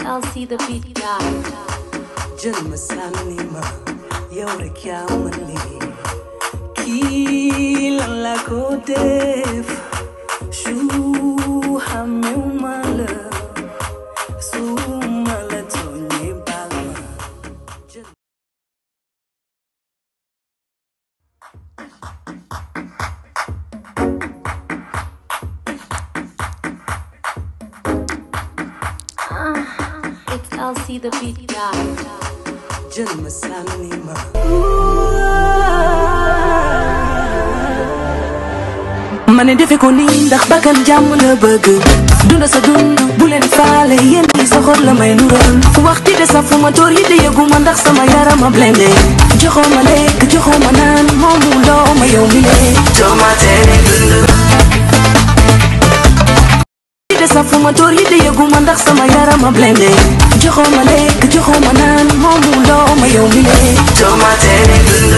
Kalsi the beat guy jëlma sànni ma yow rek yaa ma lii kii lan la ko def su xamew ma la su ma la tooñee baal ma Ah. LC the beat guy. ma sànni ma. ne defe ko ni ndax bakkan jàmm la bëgg. dunda sa dund bu leen faale yéen ñi soxor la may nural. waxti de sa fu ma tóor yi de yëgu ma ndax sama yaram a blende. joxoo ma lekk joxoo ma naan moomu loo ma yow mi lee. tomate. te safuma tóor yi di yëgu ma ndax sama yaram a blende joxoo ma lekk joxoo ma naan moomu loo ma yow mi lee